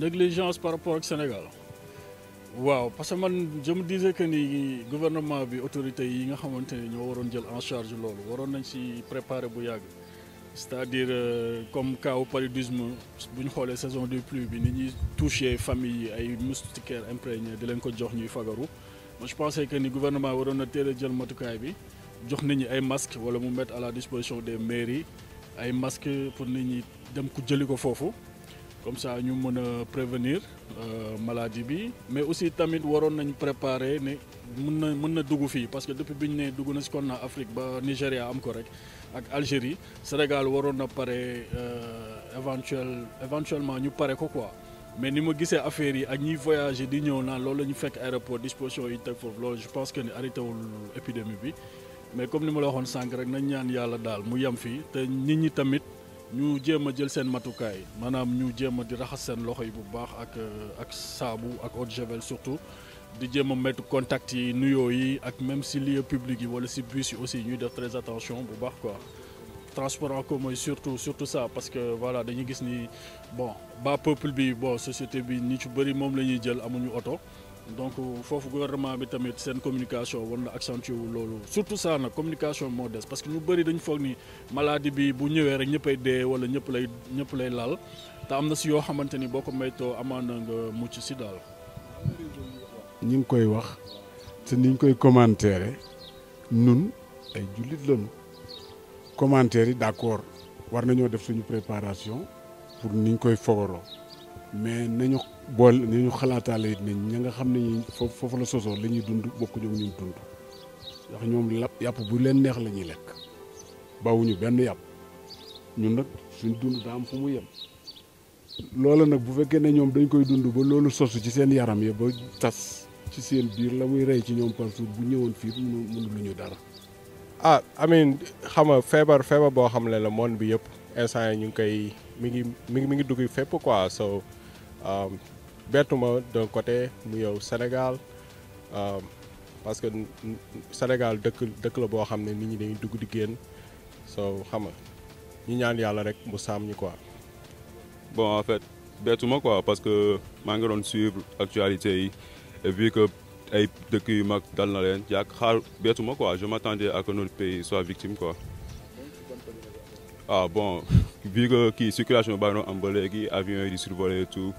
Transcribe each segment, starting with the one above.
négligence par rapport au Sénégal waaw parce que man je me disais que ni gouvernement bi autorité yi nga xamante ñoo jël en charge loolu waroon nañ ci préparer bu c'est-à-dire euh, comme kaaw paludisme bu ñu saison des pluies bi ni ñuy touché famille ay moustiquaires imprégnés de leen ko jox ñuy je pensais que ni gouvernement waroon na teel a jël matukaay bi jox nit ñi ay masques wala mu mettre à la disposition des mairies ay masques pour nit ñi dem ku comme ça ñu mën a prévenir euh, maladie bi mais aussi tamit waroon nañ préparer ne mën na mën na dugg fii parce que depuis biñ ñu ne dugg na si kon na Afrique ba Nigeria am ko rek ak Algérie Sénégal waroon na pare euh, éventuel éventuellement ñu pare ko quoi mais ni ma gisee affaire yi ak ñiy voyager di ñëw naan loolu la ñu fekk aéroport disposition yi teg foofu loolu je pense que ni arrêté wul épidémie bi mais comme ni ma la waxoon sànq rek nañ ñaan yàlla daal mu yam fii te nit ñi tamit ñu jéem a jël seen matukaay maanaam ñu jéem di raxas seen loxo yi bu baax ak euh, ak saabu ak haute de javel surtout di jéem a mettre contact yi nuyoo yi ak même si lieu public yi wala si bus yi aussi ñuy def très attention bu baax quoi transport en commun surtout surtout ça parce que voilà dañuy gis ni bon ba peuple bi bon société bi ñi ci bëri moom la ñuy jël amuñu oto donc il euh, gouvernement bi tamit communication surtout ça la communication modeste, parce que nous de dañ fogg ni maladie bi bu ñëwé rek ñëppay dé wala ñëpp lay ñëpp lay lal ta amna ci yo xamanteni Nous mayto amana mucc koy wax d'accord war def préparation pour niñ koy mais nañu bool nañu xalaataale it ne ña nga xam ne ñi foofu la sosoo la ñuy dund bokkuñu ak ñun dund ndax ñoom yàpp bu leen neex la ñuy lekk ñu benn yàpp ñun nag suñ dund daa am fu mu yem loola nag bu fekkee ne ñoom dañ koy dund ba loolu sosu ci seen yaram yi ba tas ci seen biir la muy rey ci ñoom par bu ñëwoon fii mënu lu ñu dara ah amin xam nga feebar feebar boo xam ne la monde bi yëpp instant yi ñu ngi koy mi ngi mi ngi mi ngi dugg fépp quoi so Euh, bettuma d'un côté mu yow Sénégal euh, parce que Sénégal dëkk dëkk la boo xam ne nit ñi dañuy dugg di génn soo xam nga ñu ñaan yàlla quoi. bon en fait moi quoi parce que maa ngi suivre actualité et vu que ay dëkk yu mag dal na leen yàgg xaar moi quoi je m'attendais à que notre pays soit victime quoi. ah bon vu que la circulation est en les avions ils survolaient et tout,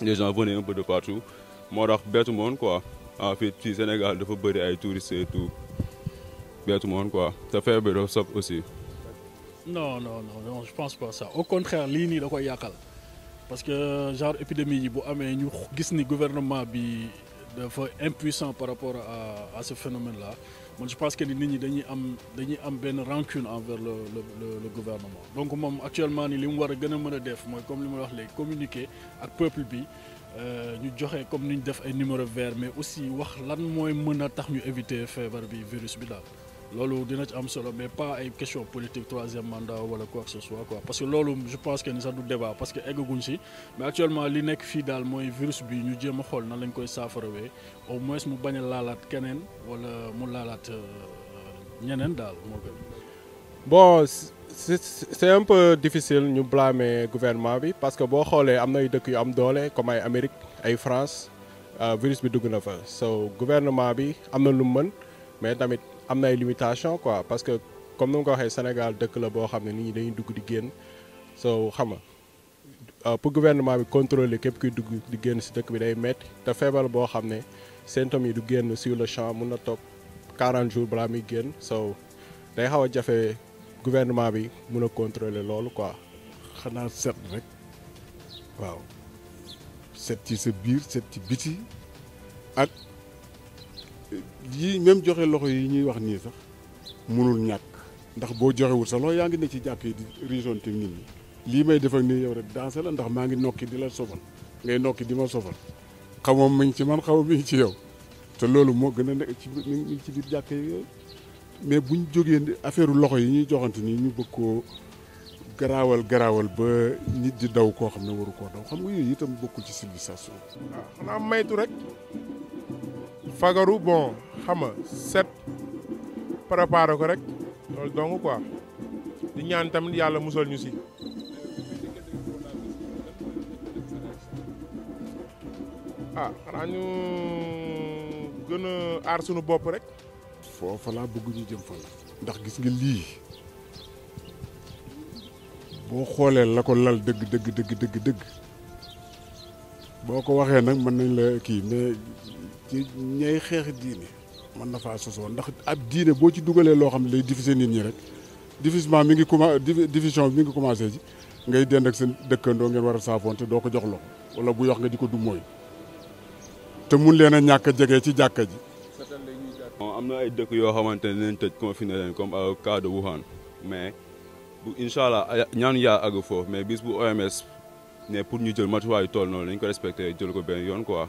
les gens venaient un peu de partout. Moi, je tout le monde quoi. En fait, au Sénégal, il faut beaucoup touristes et tout. tout le monde quoi. Ça fait un peu de aussi. Non, non, non, non, je pense pas ça. Au contraire, ce qui est yakal. Parce que genre épidémie, bon, mais nous, le gouvernement bi, impuissant par rapport à ce phénomène là man je pense que les nit ñi dañuy am dañuy am ben rancune envers le le le gouvernement donc moom actuellement nii li mu war a gën a def mooy comme li ma wax léegi communiquer ak peuple bi euh, ñu joxe comme ni ñu def ay numéro vert mais aussi wax lan mooy mën a tax ñu éviter feebar bi virus bi daal. Lolo, dina ci am solo mais pas ay question politique troisième mandat wala quoi que ce soit quoi parce que lolo, je pense que ni sax du débat parce que eggaguñ mais actuellement li nekk fii daal mooy virus bi ñu jéem a xool nan lañ koy saafarawee au moins mu bañ a laalaat keneen wala mu laalaat euh, ñeneen daal moo gën. bon c'est un peu difficile ñu blâmer gouvernement bi parce que boo xoolee am ay dëkk yu am comme ay Amérique ay France euh, virus bi dugg na fa so gouvernement bi am lu mën mais tamit am na ay limitation quoi parce que comme nous nga ko waxee Sénégal dëkk la bo xamné ne nit ñi dañuy dugg di génn so xam nga euh, pour gouvernement bi contrôler képp kuy dugg di génn si dëkk bi day metti te feebar boo xam ne symptômes yi du génn sur le champ mun na toog 40 jours balaa muy génn so day xaw a jafe gouvernement bi mun a contrôler loolu quoi. xanaa set rek waaw set ci sa biir set ci biti ak. yi même joxe loxo yi ñuy wax nii sax mënul ñàkk ndax boo joxewul sa loxo yaa ngi ne ci jàkk yi di rijonte nit ñi lii may def nii yow rek danse la ndax maa ngi nokki di la sobal ngay nokki di ma sobal xamoo mi ngi ci man xamoo mi ngi ci yow te loolu moo gën a nekk ci biir ci biir jàkk yi yooyu mais buñ jógee affaire loxo yi ñuy joxante nii ñu bëgg koo garaawal garaawal ba nit di daw koo xam ne waru koo daw xam nga yooyu itam bokkul ci civilisation. waaw xanaa maytu rek. fagaru bon xama set préparer ko rek lol dong quoi di ñaan tamit yalla musal ñu ci ah xanaa ñu gën a suñu bop rek foofa la bëgg ñu jëm fa ndax gis nga li bo xolé la ko lal deug deug deug deug deug boko waxé nak man nañ la ki mais ci ñay xeexi diine man na faa sosoo ndax ab diine boo ci dugalee loo xam ne lay nit ñi rek diffusement mi ngi diffusion mi ngi commencé ci ngay dend ak seen dëkkandoo ngeen war a wala bu yox nga a a ci jàkka ji. ne de Wuhan mais bu incha allah mais bis bu OMS ne pour ñu jël matuwaay toll noonu ko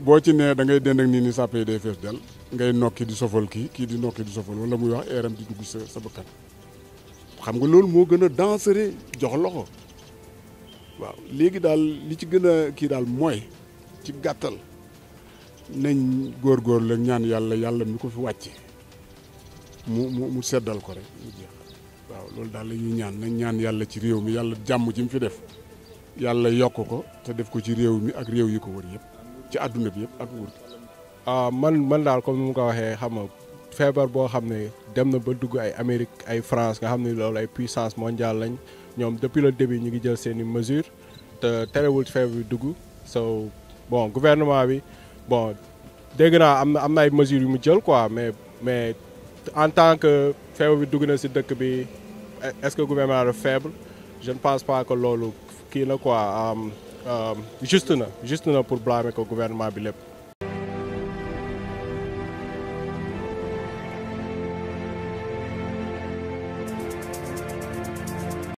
boo ci nee da ngay dend ak nit ñi sàppe yi day fees del ngay nokki di sofal kii kii di nokki di sofal wala muy wax eeram di dugg sa sa bakkan xam nga loolu moo gën a danseré jox loxo waaw léegi daal li ci gën a kii daal mooy ci gàttal nañ góorgóorlu ak ñaan yàlla yàlla mi ko fi wàcce mu mu mu seddal ko rek mu jeex waaw loolu daal la ñaan nañ ñaan yàlla ci réew mi yàlla jàmm ci mu fi def yàlla yokk ko te def ko ci réew mi ak réew yi ko wër yëpp ci àdduna bi yëpp ak nguur gi ah, man man daal comme ni mu ko waxee xam nga feebar boo xam ne dem na ba dugg ay Amérique ay France nga xam ne loolu ay puissance mondiale lañ ñoom depuis le début ñu ngi jël seeni i mesures te terewul feebar bi dugg so bon gouvernement bi bon dégg naa am na am na ay mesures yu mu jël quoi mais mais en tant que feebar bi dugg na si dëkk bi est-ce que gouvernement dafa faible je pense pas que loolu kii na quoi. juste na juste na pour blâmer ko gouvernement bi lépp.